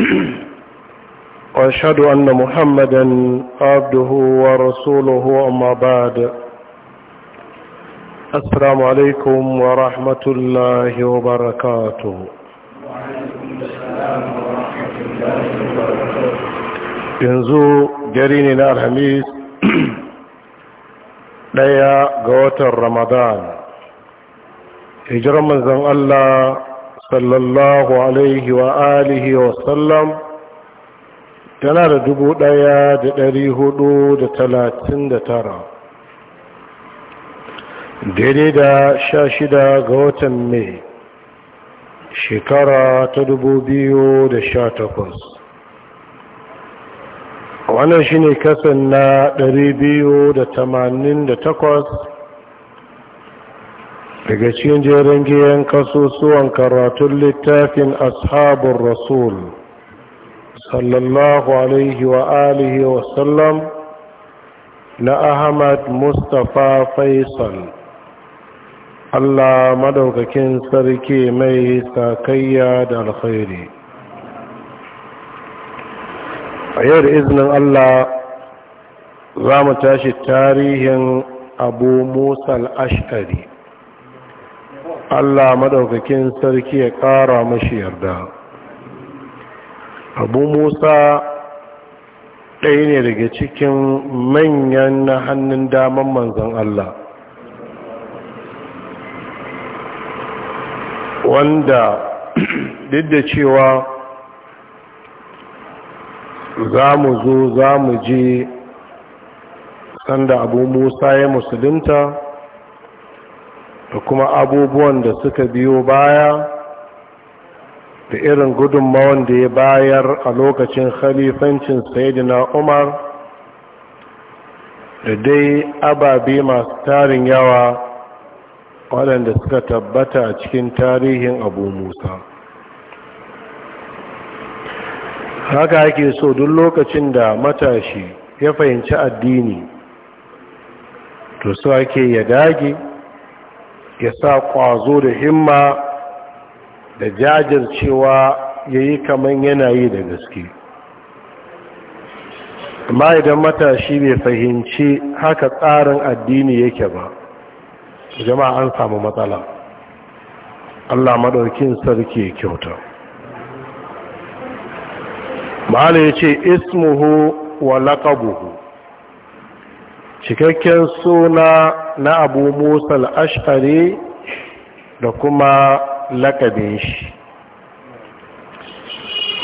وأشهد أن محمدا عبده ورسوله أما بعد السلام عليكم ورحمة الله وبركاته وعليكم السلام ورحمة الله ينزو جريني نار حميس ليا قوة الرمضان هجر من زن الله صلى الله عليه وآله وسلم tana da dubu ɗaya da ɗari hudu da talatin da tara daidai da sha shida ga watan mai shekara ta dubu biyu da sha takwas wannan shine ne kasan na ɗari biyu da tamanin da takwas daga cikin jerin giyan kasusuwan karatun littafin ashabun rasul sallallahu alaihi wa alihi wa sallam na ahmad mustapha faisal allah madaukakin sarki mai sakayya da alkhairi a yau da izinin allah za mu tashi tarihin abu musa Al-Ashari. Allah madaukakin sarki ya ƙara mashi yarda abu musa ɗaya ne daga cikin manyan hannun daman manzan Allah wanda duk da cewa za mu zo za mu je sanda abu musa ya musulunta da kuma abubuwan da suka biyo baya da irin gudunmawan da ya bayar a lokacin khalifancin sayidina umar da dai ababe masu tarin yawa waɗanda suka tabbata a cikin tarihin abu musa haka ake so duk lokacin da matashi ya fahimci addini to su ake ya dage ya sa ƙwazo da himma da jajircewa ya yi kamar yanayi da gaske amma idan matashi bai fahimci haka tsarin addini yake ba jama'a an samu matsala Allah maɗaukin sarki ya kyauta ma'ala ya ce ismuhu wa laƙabuhu cikakken suna na abu musa al'ashari da kuma lakabin shi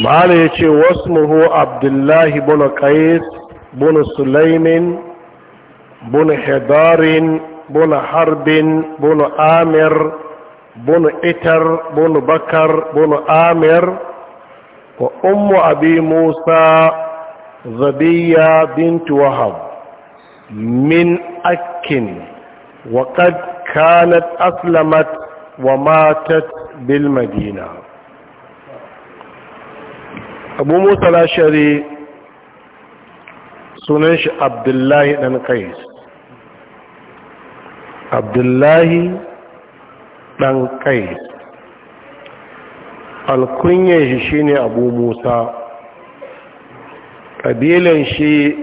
ma'ana ya ce wasu muhu abdullahi bunu kais, bunu sulaimin bunu hedarin bunu harbin bunu amir bunu itar bunu bakar bunu amir wa ummu abi musa zabiya bintu wahab min akin wa qad kanat aslamat wa matat bilmadina. madina abu musa lashari sunan shi abdullahi dan qais abdullahi dan qais alkunyan shi shine abu musa ƙabilan shi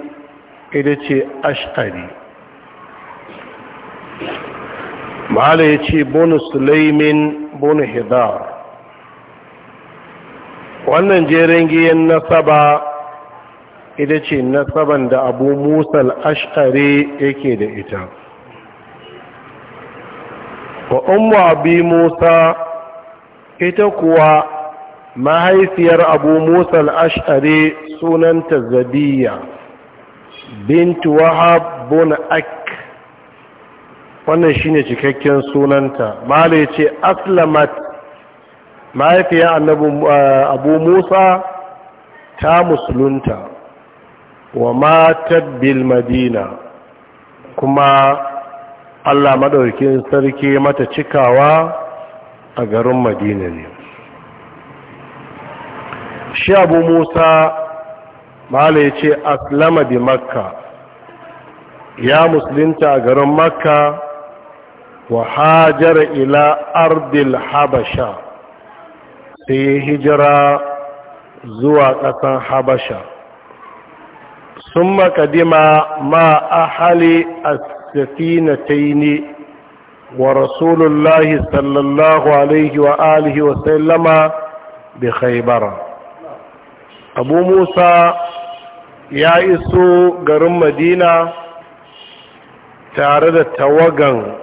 ita ce ashari ma'ala ya ce bonu sulaimin bonu hidar wannan jerin giyan nasaba ita ce nasaban da abu musal ashari yake da ita wa ummu abi musa ita kuwa mahaifiyar abu musal ashari sunanta zabiya Bintu wahab bin ak wannan shine cikakken sunanta mala yace aslamat mahaifiyar annabi eh, abu musa ta musulunta wa matar bil madina kuma allah maɗaukin sarki mata cikawa a garin madina ne shi abu musa mala ya ce aslama bi makka ya musulunta a garin makka wa hajara ila ardil habasha sai ya hijira zuwa ƙasan habasha sun makadima ma hali a safinataini wa rasulullahi sallallahu alaihi wa alihi wa sallama bi khaybara abu musa ya iso garin madina tare da tawagan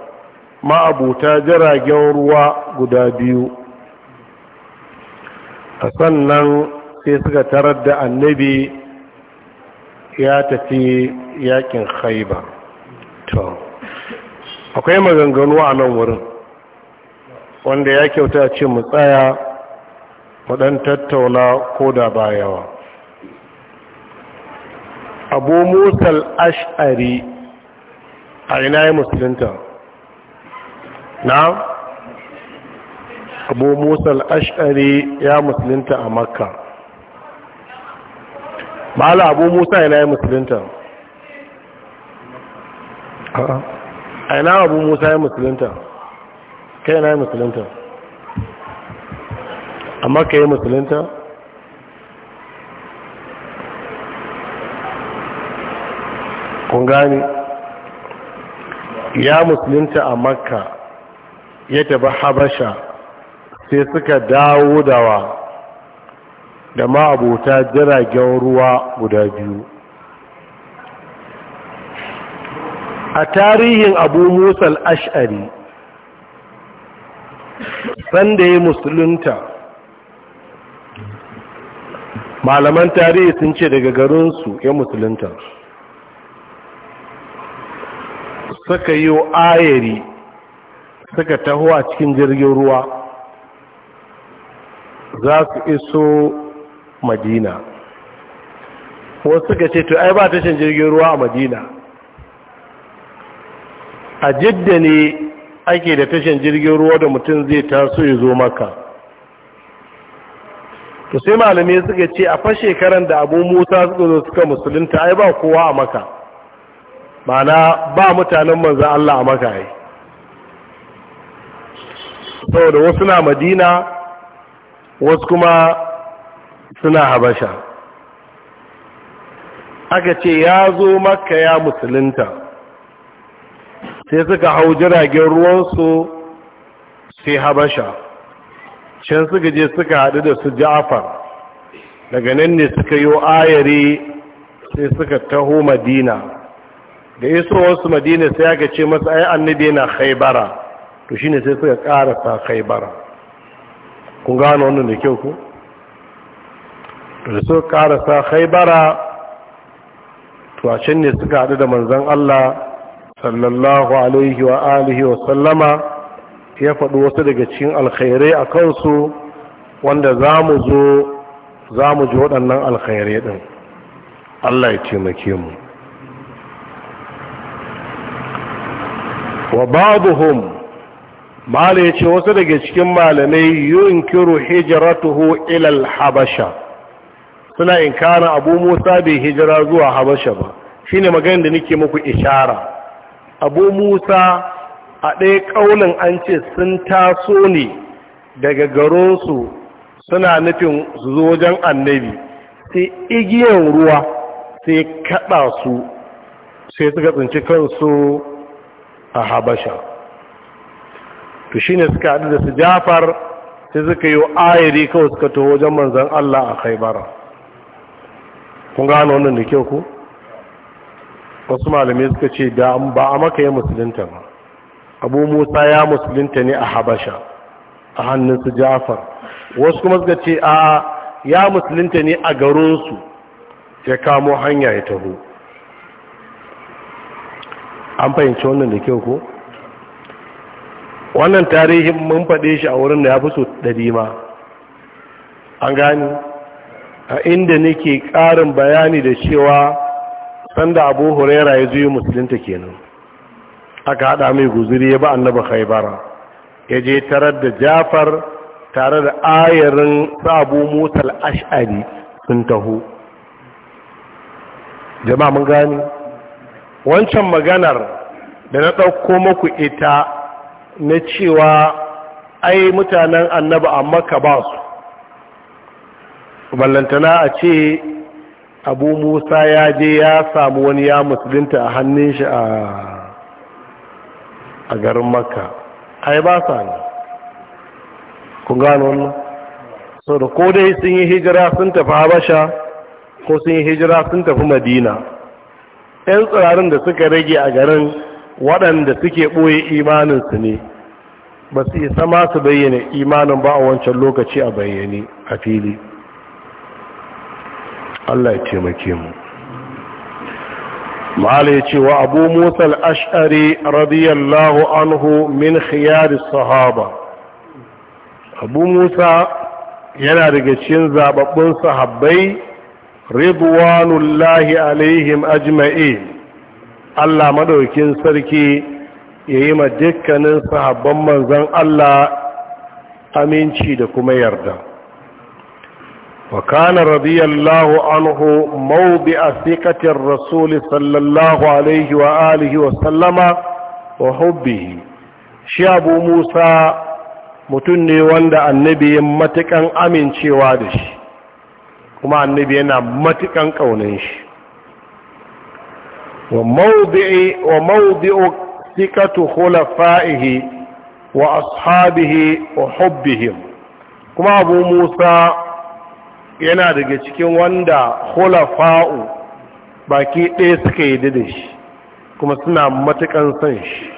ma'abuta jiragen ruwa guda biyu a sannan sai suka tarar da annabi ya tafi yakin haiba to akwai maganganu a nan wurin wanda ya kyauta ce mu tsaya mu ɗan tattauna ko da ba yawa abu musal ash'ari a ina ya musulunta na abu musal ash'ari ya musulunta a makka ma'ala abu musa ina ya musulunta a ina abu musa ya musulunta kai ina ya musulunta a makka ya musulunta kun gani ya musulunta a makka ya tafi habasha sai suka dawo dawa da ma'abuta jiragen ruwa guda biyu a tarihin abu musa al'ash'ari sanda ya musulunta malaman tarihi sun ce daga garinsu ya musulunta suka yi ayari suka taho a cikin jirgin ruwa za su iso madina wasu suka ce to ai ba shan jirgin ruwa a madina a jidda ne ake da tashin jirgin ruwa da mutum zai taso ya zo maka to sai malamai suka ce a fashe karan da abu musa suka zo suka musulunta ai ba kowa a maka Ma'ana ba mutanen manzan Allah a makaye yi saboda wasu na madina wasu kuma suna habasha aka ce ya zo maka ya musulunta sai suka hau jiragen ruwansu sai habasha can suka je suka haɗu da su ja'afar daga nan ne suka yi ayari sai suka taho madina da wasu madina sai aka ce masa ai annabi yana khaibara to shine sai suka karasa khaibara kun gano wannan da kyau ku da suka karasa khaibara to a can ne suka haɗu da manzon Allah sallallahu alaihi wa alihi wa sallama ya faɗi wasu daga cikin alkhairai a kansu wanda za mu zo za ji waɗannan alkhairai ɗin Allah ya taimake mu wa ba'dhum malai yace wasu daga cikin malamai yunkiru hijratuhu ila al-habasha suna inkara Abu Musa bai hijira zuwa Habasha ba shine maganar da nake muku ishara Abu Musa a ɗaya ƙaunin an ce sun taso ne daga garinsu suna nufin su zo wajen annabi sai igiyan ruwa sai kaɗa su sai suka tsinci kansu a habasha to shi ne suka haɗu da su jafar sai suka yi ayari kawai suka to wajen manzan Allah a khaibara kun gano wannan da kyau ku wasu malamai suka ce da ba a maka ya musulunta ba abu musa ya musulunta ne a habasha a hannun su jafar wasu kuma suka ce a ya musulunta ne a garinsu ya kamo hanya ya taho an fahimci wannan da kyau ko wannan tarihin mun faɗe shi a wurin da ya fi so ɗari ma an gani a inda nake ƙarin bayani da cewa sanda abu huraira ya zuyi musulunta kenan aka haɗa mai guzuri ya ba annaba haibara ya je tarar da jafar tare da ayarin sabu motar ash'ari sun taho jama'a mun gani wancan maganar da na ɗauko muku ita na cewa ai mutanen annaba a maka ba su ballantana a ce abu musa ya je ya samu wani ya musulunta a hannun shi a garin maka ai ba sa ne kun gano wannan sau da ko dai sun yi hijira sun tafi habasha ko sun yi hijira sun tafi madina 'yan tsirarin da suka rage a garin waɗanda suke ɓoye imaninsu ne ba su isa sama su bayyana imanin ba a wancan lokaci a bayyane a fili Allah ya taimake mu ma'ala ya ce wa abu musa al'ashari radiyallahu anhu min khiyar sahaba abu musa yana daga cikin zababbun sahabbai ridwanullahi alaihim ajma'i, Allah madaukin sarki yayi ma dukkanin sahabban manzon Allah aminci da kuma yarda wa kana radiyallahu anhu mawdi'a thiqatir rasul sallallahu alaihi wa alihi wa sallama wa hubbihi shi abu musa mutum ne wanda annabi ya matakan amincewa da shi kuma annabi yana matukan kaunan shi wa mawdi'u sikatu khulafa'ihi wa ashabihi wa hubbihim kuma abu musa yana daga cikin wanda khulafa'u baki ɗaya suka yi da shi kuma suna matukan san shi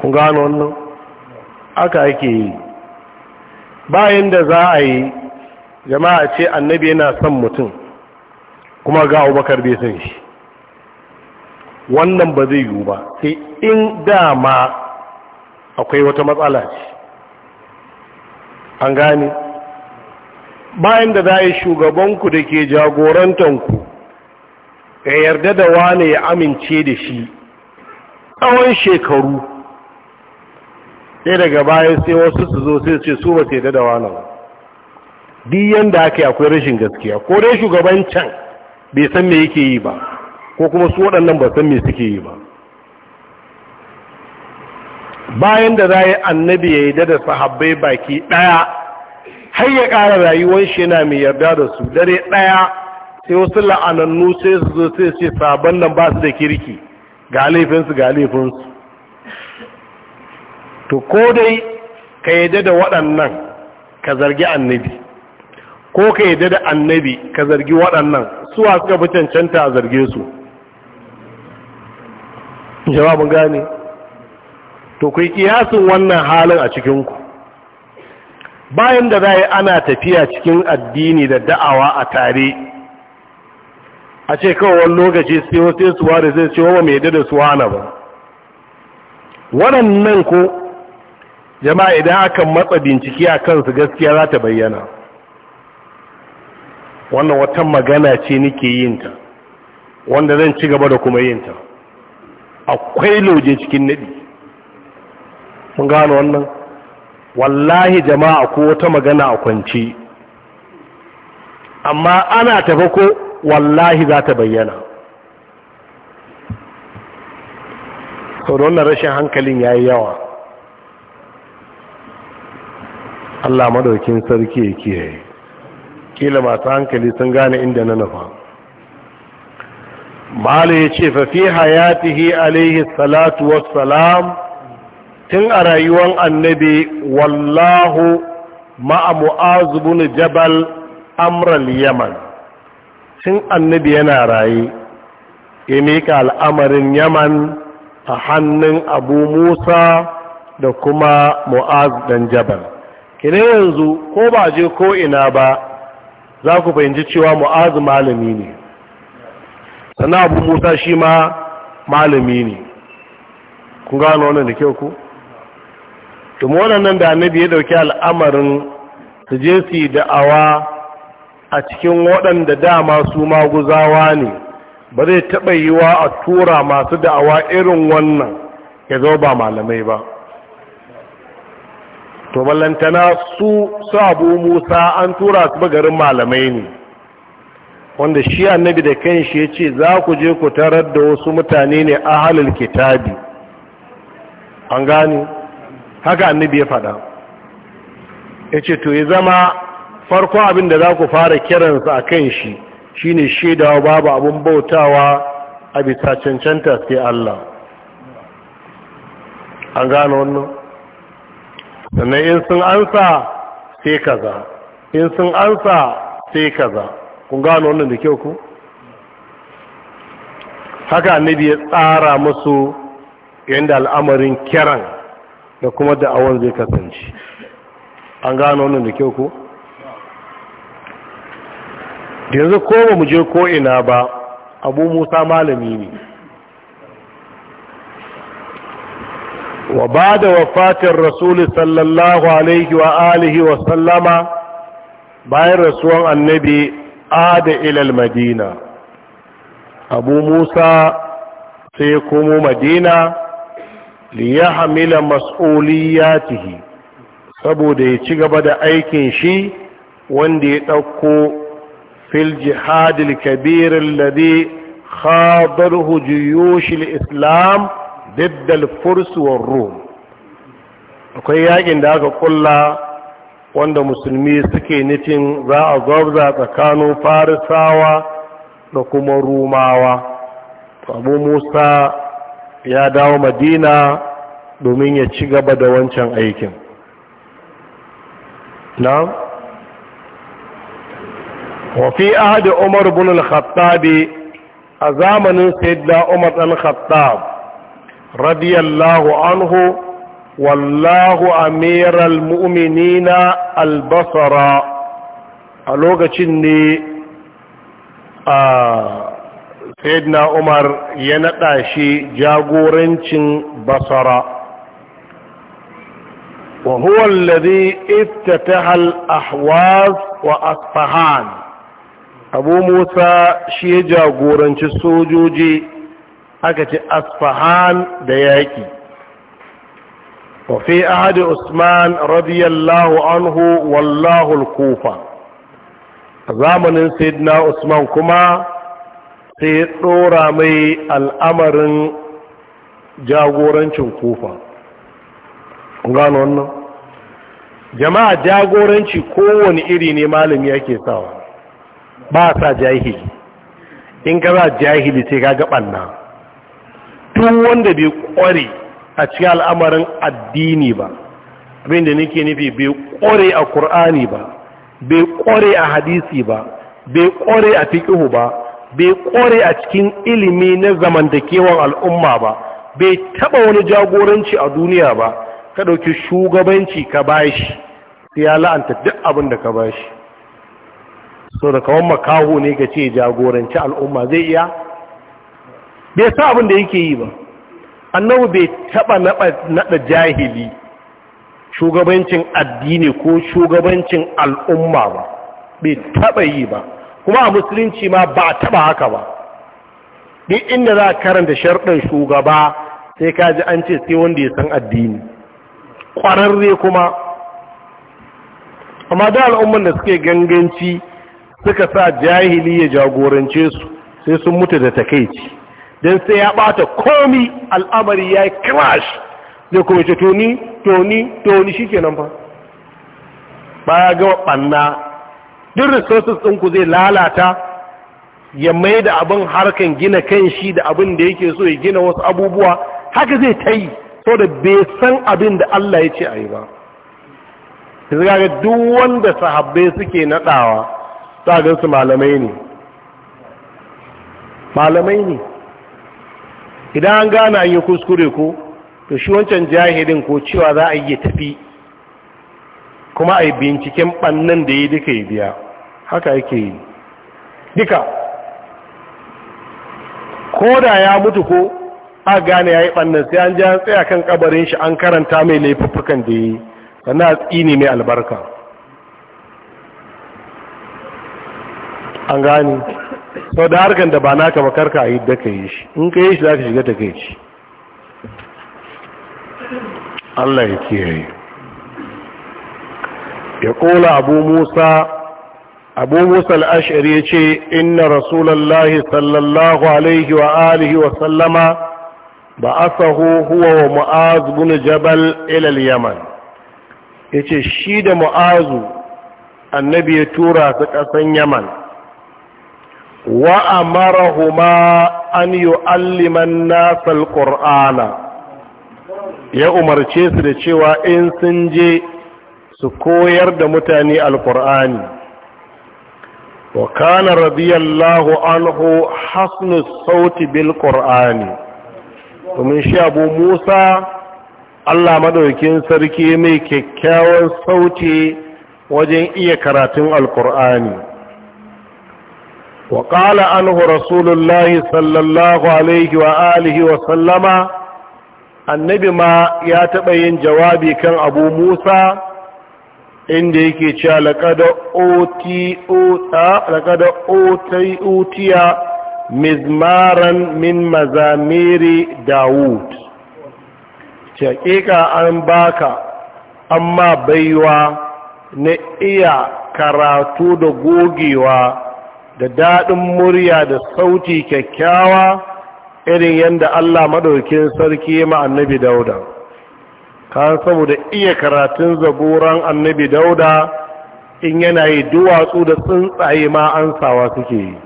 kun gano wannan aka ake yi bayan da za a yi jama'a ce annabi yana son mutum kuma ga abubakar bai san shi wannan ba zai yiwu ba sai in dama akwai wata matsala ce an gane bayan da za a yi shugabanku da ke jagorantanku ya yarda da wane ya amince da shi tsawon shekaru sai daga bayan sai wasu su zo sai ce su ba su yarda da wane ba duk yanda aka yi akwai rashin gaskiya ko dai shugaban can bai san me yake yi ba ko kuma su waɗannan ba san me suke yi ba bayan da za yi annabi ya yi da sahabbai baki ɗaya har ya ƙara rayuwar shi yana mai yarda da su dare ɗaya sai wasu la'anannu sai su zo sai ce sabon nan ba su da kirki ga laifinsu ga laifinsu to ko dai ka yadda da waɗannan ka zargi annabi ko ka yi da annabi ka zargi waɗannan suwa suka fi cancanta a zarge su jawabin gane to kai kiyasin wannan halin a cikinku bayan da za ana tafiya cikin addini da da'awa a tare a ce kawai wani lokaci sai wasu suwa da zai ce mai da suwa na ba waɗannan ko jama'a idan aka matsa bincike a kansu gaskiya za ta bayyana wannan wata magana ce nake yin ta wanda zan ci gaba da kuma yin ta akwai lauje cikin nadi mun gano wannan wallahi jama'a ko wata magana a kwanci amma ana tafi ko wallahi za ta bayyana sau da rashin hankalin ya yi yawa Allah madaukin sarki ya kiyaye kila masu hankali sun gane inda na nufa mala ya ce fafi hayatihi alaihi salatu wassalam tun a rayuwan annabi wallahu ma'a mu'azubun jabal amral yaman tun annabi yana raye ya miƙa al'amarin yaman a hannun abu musa da kuma mu'az dan jabal kine yanzu ko ba je ko ina ba za ku fahimci cewa mu'azu malami ne sannan abu musa shi ma malami ne kun gano wannan da kyau ku tumu waɗannan da annabi ya ɗauki al'amarin su je su yi da'awa a cikin waɗanda dama su maguzawa ne ba zai taɓa yiwa a tura masu da'awa irin wannan ya zo ba malamai ba to ballantana su sabu musa an tura su bagarin malamai ne wanda shi annabi da kanshi ya ce za ku je ku tarar da wasu mutane ne a halin kitabi an gani haka annabi ya faɗa ya ce to ya zama farko abin da za ku fara kiransa a kan shi shine shaidawa babu abin bautawa a bisa cancanta sai Allah an gano wannan sannan in sun ansa sai kaza in sun ansa sai kaza kun gano wannan da kyau ku haka annabi ya tsara musu yadda al'amarin kiran da kuma da'awar zai kasance an gano wannan da kyau ku yanzu ko ba mu je ko ina ba abu musa malami ne وبعد وفاة الرسول صلى الله عليه وآله وسلم باين رسول النبي عاد إلى المدينة أبو موسى سيقوم مدينة ليحمل مسؤولياته saboda ya ci gaba da aikin shi wanda ya ɗauko fil jihadil kabirin lade khadarhu juyushil islam diddal fursuwar rum akwai yakin da aka kulla wanda musulmi suke nitin za a gwabza tsakanin farisawa da kuma rumawa abu musa ya dawo madina domin ya ci gaba da wancan aikin na wafi ahadi umar bin al-khattabi a zamanin sayyidina umar dan khattab radiyallahu anhu wallahu amiral mu'minina albasara a lokacin ne a sayyidina umar ya naɗa shi jagorancin basara wa huwa alladhi iftataha al-ahwaz wa asfahan abu musa shi ya jagoranci sojoji aka ce asfahan da yaƙi wafi ahadi usman radiyallahu anhu wallahu kufa a zamanin saidina usman kuma sai ɗora mai al'amarin jagorancin kufa gano wannan jama'a jagoranci kowane iri ne malami yake sawa ba sa jahili in ka za jahili sai ka gaɓanna duk wanda bai kware a cikin al'amarin addini ba abin da nake nufi bai kware a Kur'ani ba bai kware a hadisi ba bai kware a fiqhu ba bai kware a cikin ilimi na zamantakewan al'umma ba bai taba wani jagoranci a duniya ba ka dauki shugabanci ka bashi sai ya la'anta duk abin da ka bashi so da kawon makaho ne ka ce jagoranci al'umma zai iya bai sa abin da yake yi ba annabu bai taba naɗa jahili shugabancin addini ko shugabancin al'umma ba bai taba yi ba kuma a musulunci ma ba a taba haka ba duk inda za a karanta sharɗin shugaba sai kaji ji an ce sai wanda ya san addini ƙwararre kuma amma da al'umman da suke ganganci suka sa jahili ya jagorance su sai sun mutu da takaici don sai ya bata komi al'amari ya yi crash zai kuma ce toni toni toni shi kenan ba baya gama ɓanna duk resources ku zai lalata ya mai da abin harkan gina kan shi da abin da yake so ya gina wasu abubuwa haka zai ta yi so da bai san abin da Allah ya ce a yi ba ga duk wanda sahabbai suke naɗawa sa su malamai ne malamai ne idan an gane an yi kuskure ko to shi wancan jahilin ko cewa za a yi tafi kuma a yi binciken bannan da ya duka yi biya haka yake yi duka ko da ya mutu ko a gane ya yi bannan sai an ji an tsaya kan kabarin shi an karanta mai laifuffukan da ya yi sannan a tsini mai albarka an gane sau da harkar da ba naka ba karka a yi da ka yi shi in ka yi shi za ka shiga ta yi ci Allah ya kiyaye ya kola abu musa abu musa al'ashir ya ce inna rasulallah sallallahu alaihi wa alihi wa sallama ba asahu huwa wa ma'az guna jabal ilal yaman ya ce shi da mu'azu annabi ya tura su ƙasan yaman Wa'amarrahuma an yi alliman allimar nasar Kur'ana ya umarce su da cewa in sun je su koyar da mutane Al-Kur'ani. Waqani radiyallahu anhu hasken sauti bil kur'ani domin shi abu Musa, Allah maɗokin sarki, mai kyakkyawan sauti wajen iya karatun al وقال عنه رسول الله صلى الله عليه وآله وسلم النبي ما يتبين جوابي كان أبو موسى inda yake cewa laƙada otai otiya mizmaran min mazamiri dawud haƙiƙa an baka amma baiwa na iya karatu da gogewa da daɗin murya da sauti kyakkyawa irin yadda Allah maɗaukin sarki ma annabi dauda kan saboda iya karatun zaburan annabi dauda in yana yi duwatsu da tsuntsaye ma ansawa suke yi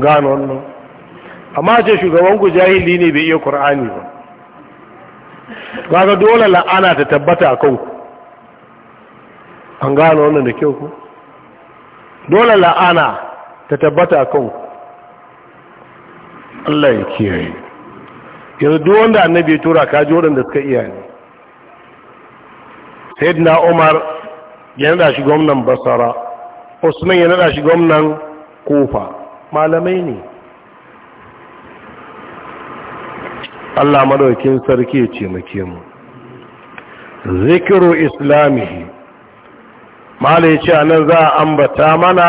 gano wannan amma ce shugaban ku jahili ne bai iya Kur'ani ba ga dole la'ana ta tabbata a kanku an gano wannan da kyau ku dole la'ana ta tabbata a kan Allah ya kiyaye yanzu duk wanda annabi ya tura ka ji waɗanda suka iya ne na Umar ya nada shi gwamnan basara. Usman ya nada shi gwamnan kofa malamai ne Allah madaukin sarki ya ce mu zikiru islamihi mala ya ce a nan za a ambata mana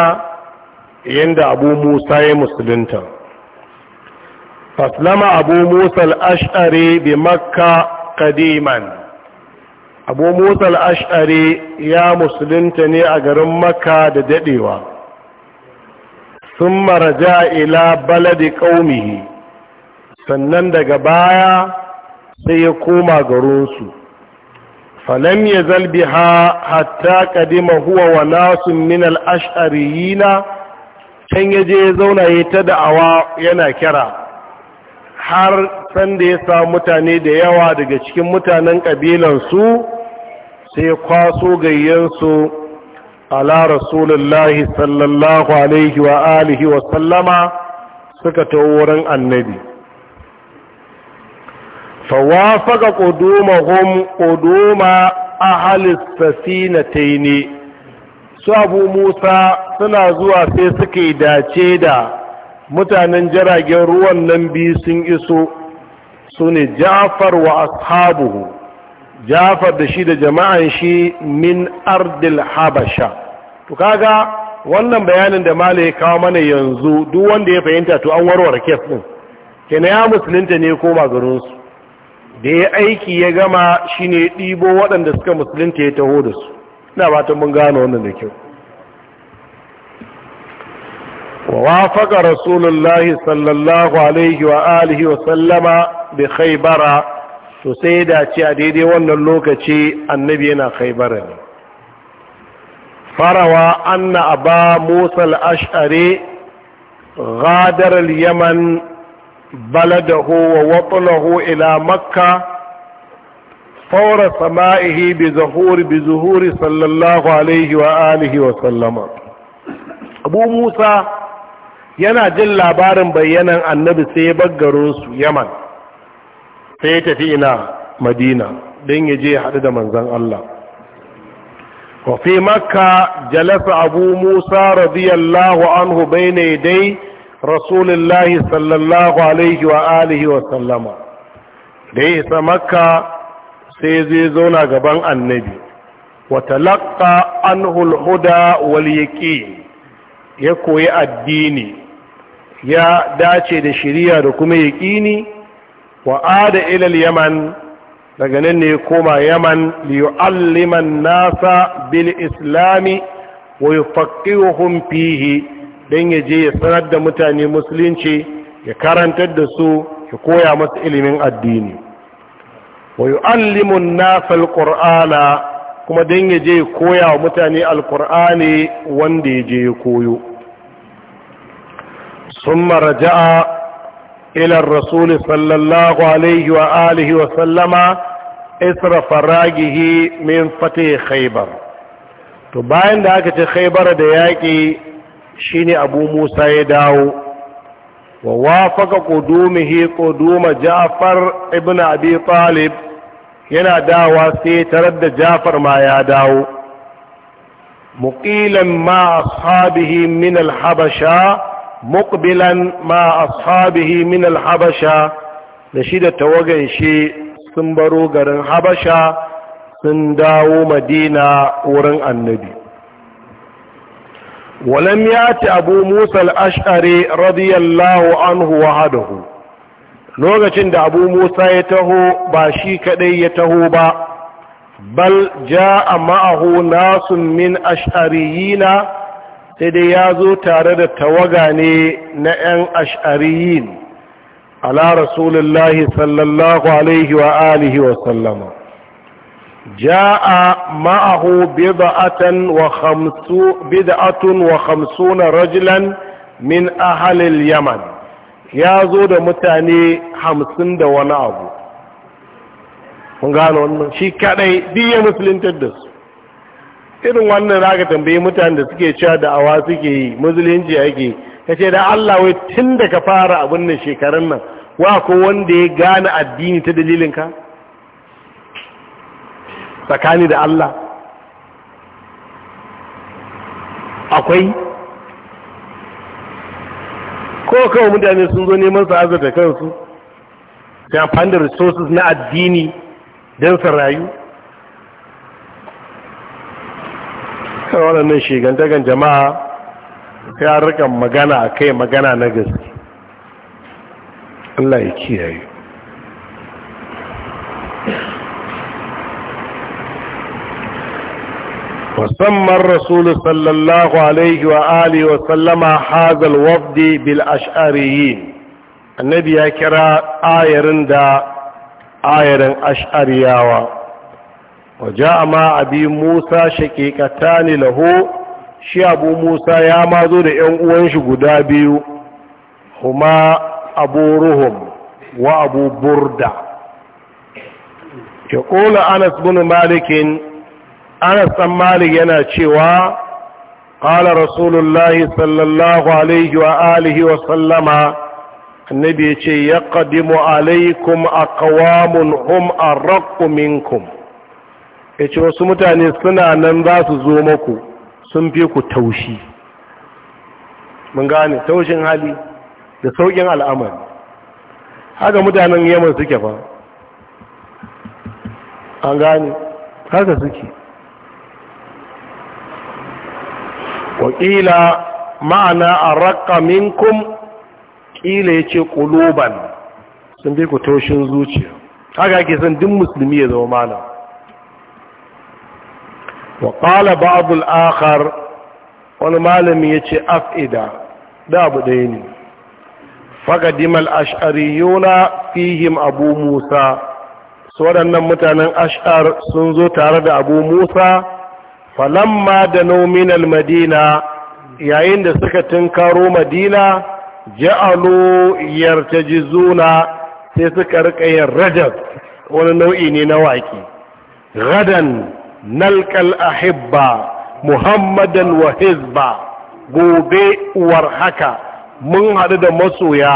yadda abu musa ya musulunta faslama abu musa al'ashari bi makka kadiman abu musa al'ashari ya musulunta ne a garin makka da dadewa sun maraja ila baladi ƙaumihi sannan daga baya sai ya koma garinsu فلم يزل بها حتى hatta هو huwa wa nasun كان يجي can ya je zauna ya ta da'awa yana har sanda ya sa mutane da yawa daga cikin mutanen ƙabilansu sai kwaso gayyansu ala rasulullahi sallallahu alaihi wa alihi wa sallama suka tawo wurin annabi فوافق قدومهم قدوم أهل ne. su abu musa suna zuwa sai suke dace da mutanen jiragen ruwan nan biyu sun iso su ne jafar wa ashabuhu jafar da shi da jama'an shi min ardil habasha to kaga wannan bayanin da Malam ya kawo mana yanzu duk wanda ya fahimta to an warware kes ɗin. Kenaya ya musulunta ne ko garinsu? da ya aiki ya gama shi ne ɗibo waɗanda suka musulunta ya taho da su na batun mun gano wannan da kyau wafaka rasulullahi sallallahu alaihi wa alihi wa sallama da khaibara to sai da ce a daidai wannan lokaci annabi yana khaibara ne farawa anna abba musal ashare ghadar al-yaman baladahu wa watlahu ila makka فور سمائه بظهور بظهور صلى الله عليه وآله وسلم أبو موسى yana jin labarin bayyanan annabi sai ya yaman sai ya tafi ina madina don ya je haɗu da manzan Allah Wafi makka jalasa abu musa radiyallahu anhu bai ne dai rasulullahi sallallahu alaihi wa wa sallama da ya isa makka sai zai zauna gaban annabi wa talaqqa anhu alhuda wal ya koyi addini ya dace da shiriya da kuma yaƙini. wa ada ila yaman daga nan ne koma yaman li nasa bil islami wa yufaqihuhum fihi don ya je ya sanar da mutane musulunci ya karantar da su ya koya masu ilimin addini wa yu'allimun nasa alqur'ana kuma don ya je koya wa mutane alqur'ani wanda ya je ya koyo summa ja'a, ila rasul sallallahu alaihi wa alihi wa sallama isra faragihi min ya khaybar to bayan da aka ce khaybar da yaƙi. ne abu musa ya dawo wa wafaka qudumihi ƙuduma ja'far ibn abi talib yana dawa sai tarar da ja'far ma ya dawo Muƙilan ma ashabihi min alhabasha, habasha ma ma ashabihi min alhabasha. da shi da tawagan shi sun baro garin habasha sun dawo madina wurin annabi ولم يأتي أبو موسى الأشعري رضي الله عنه وحده lokacin da abu musa ya taho ba shi kadai ya taho ba bal ja a ma'ahu nasun min ash'ariyina sai dai ya zo tare da tawaga ne na 'yan ash'ariyin ala rasulullahi sallallahu alaihi wa alihi wa sallama جاء معه بضعة وخمسو بدعة وخمسون رجلا من أهل اليمن يا زود متاني خمسين دا أبو قالوا wannan shi kadai دي مسلم تدس da irin wannan zaka tambayi mutanen da suke cewa da awa suke yi musulunci ake kace da Allah wai tun da ka fara abin nan shekarun nan wa ko wanda ya gane addini ta dalilin ka tsakani da Allah akwai ko kawai mutane sun zo neman su azurta kansu sai amfani da resources na addini don su rayu wani waɗannan shigantakan jama'a sai an rika magana a kai magana na gaske Allah ya kiyaye وسمى الرسول صلى الله عليه وآله وسلم هذا الوفد بالأشعريين النبي يكرى آير دا آير أشعرياوة وجاء مع أبي موسى شكيكتان له شي أبو موسى يا مازور ينقوانش قدابي هما أبو رهم وأبو بردة يقول أنس بن مالك anas dan malik yana cewa qala rasulullahi sallallahu alaihi wa alihi wa sallama annabi yace yaqdimu alaikum aqwamun hum arqu minkum yace wasu mutane suna nan za su zo muku sun fi ku taushi mun gane taushin hali da saukin al'amari haka mutanen yamma suke fa an gane haka suke wakila ma'ana a raƙa minkum ƙila ya ce ƙuluban sun bi ku taushin zuciya haka ake san duk musulmi ya zama malam wa ƙala ba'adul akhar wani malami ya ce af'ida da abu ɗaya ne fagadimal ash'ariyuna fihim abu musa su waɗannan mutanen ash'ar sun zo tare da abu musa falamma da nominal madina yayin da suka tunkaro madina ja'alu yartajizuna sai suka rika yin rajab wani nau'i ne na waki gadan nalkal ahibba muhammadan wa hizba gobe uwar haka mun haɗu da masoya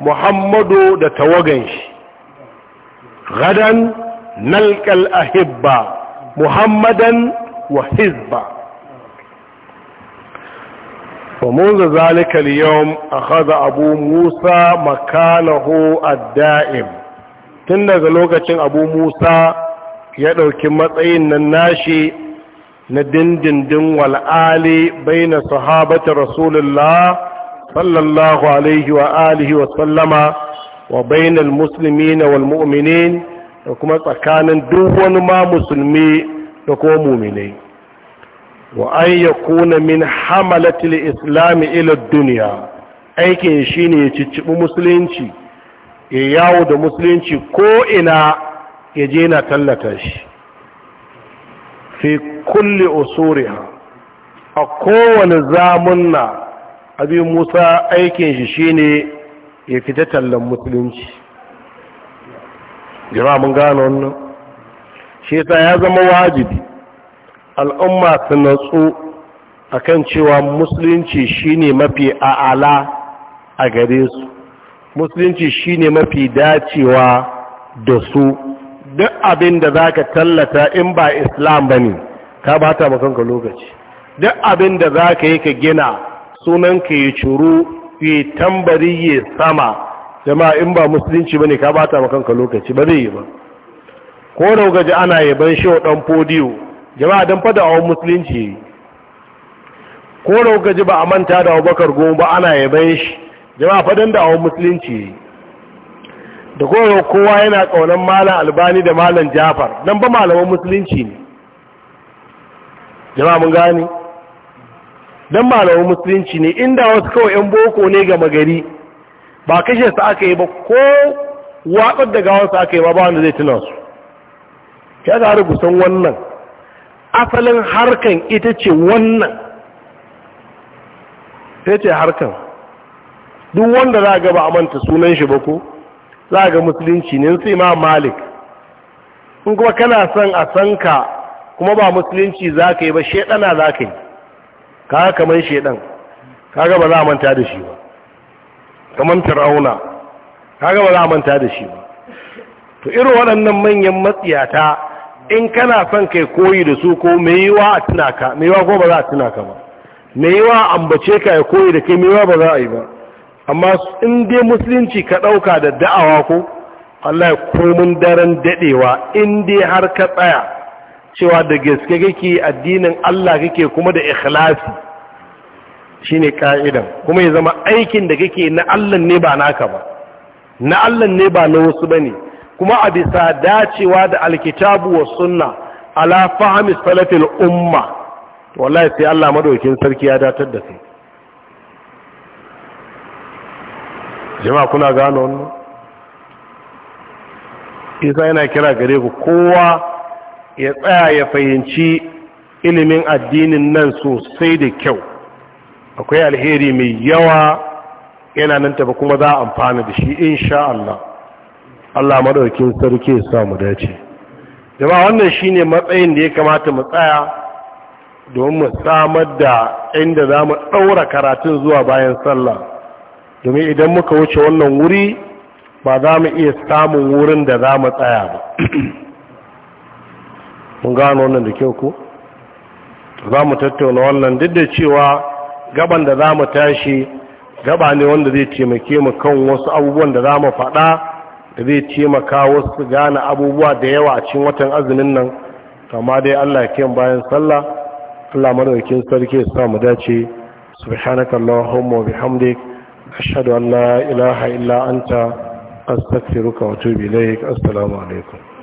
muhammadu da tawagan shi gadan nalkal ahibba muhammadan wa hizba wa munzu zalika al-yawm akhadha abu musa makanahu Adda'im. tun daga lokacin abu musa ya ɗauki matsayin nan nashi na dindindin wal'ali baina sahabati rasulullah sallallahu alaihi wa wa sallama wa bainal muslimina wal mu'minin da kuma tsakanin duk wani ma musulmi da kuma muminai wa an ya kuna min hamalatul islami ila duniya aikin shi ne ya cicciɓi musulunci ya yawo da musulunci ko ina ya je na tallata shi fi kulle usuriha a kowane zamunna abin musa aikin shi shine ya fita tallan musulunci jira mun gano wannan shi ya zama wajibi al'umma su natsu kan cewa musulunci shine mafi a'ala a gare su musulunci shine mafi dacewa da su duk abin da za ka tallata in ba islam ba ne ka ta makonka lokaci duk abin da za ka yi ka gina sunan ka yi curu yi tambari yi sama jama'a in ba musulunci ba ne ka ba ta makonka lokaci ba zai yi ba ko da gaji ana ban shi ɗan fodiyo jama'a don fada awon musulunci ko da gaji ba a manta da abubakar goma ba ana ban shi jama'a fadan da awon musulunci da kowa kowa yana ƙaunar malam albani da malam jafar don ba malaman musulunci ne jama'a mun gani don malaman musulunci ne inda wasu kawai 'yan boko ne gama gari ba kashe su aka yi ba ko watsar da su aka yi ba ba wanda zai tuna su ya ga rubusan wannan asalin harkan ita ce wannan sai ce harkan duk wanda za ga ba a manta sunan shi ba ko za ga musulunci ne sai ma malik in kuma kana son a san ka kuma ba musulunci za ka yi ba shaidana za ka yi ga kamar shaidan Ka ba za a manta da shi ba kamar firauna Ka ba za a manta da shi ba to irin waɗannan manyan matsiyata in kana son kai koyi da su ko mai wa a tuna ka mai wa ko ba za a tuna ka ba mai wa ambace ka ya koyi da kai mai wa ba za a yi ba amma in dai musulunci ka ɗauka da da'awa ko Allah ya komin daren daɗewa in dai har ka tsaya cewa da gaske kake addinin Allah kake kuma da ikhlasi shine ka'idan kuma ya zama aikin da kake na Allah ne ba naka ba na Allah ne ba na wasu bane kuma a bisa dacewa da alkitabu wa sunna ala fahmi salafil umma wallahi sai Allah madaukin sarki ya datar da kai jama'a kuna gano wannan isa yana kira gare ku kowa ya tsaya ya fahimci ilimin addinin nan sosai da kyau akwai alheri mai yawa yana nan tafi kuma za a amfana da shi insha Allah Allah madaukin sarki ya samu dace jama'a wannan shine matsayin da ya kamata mu tsaya don mu samar da inda za mu ɗaura karatun zuwa bayan sallah domin idan muka wuce wannan wuri ba za mu iya samun wurin da za mu tsaya ba mun gano wannan da kyau ko za mu tattauna wannan duk da cewa gaban da za mu tashi gaba ne wanda zai taimake mu kan wasu abubuwan da za mu faɗa da zai taimaka wasu gane abubuwa da yawa a cikin watan azumin nan kama dai Allah ya bayan sallah Allah madaukakin sarki ya sa mu dace subhanaka allahumma wa bihamdik ashhadu an la ilaha illa anta astaghfiruka wa atubu ilaik assalamu alaikum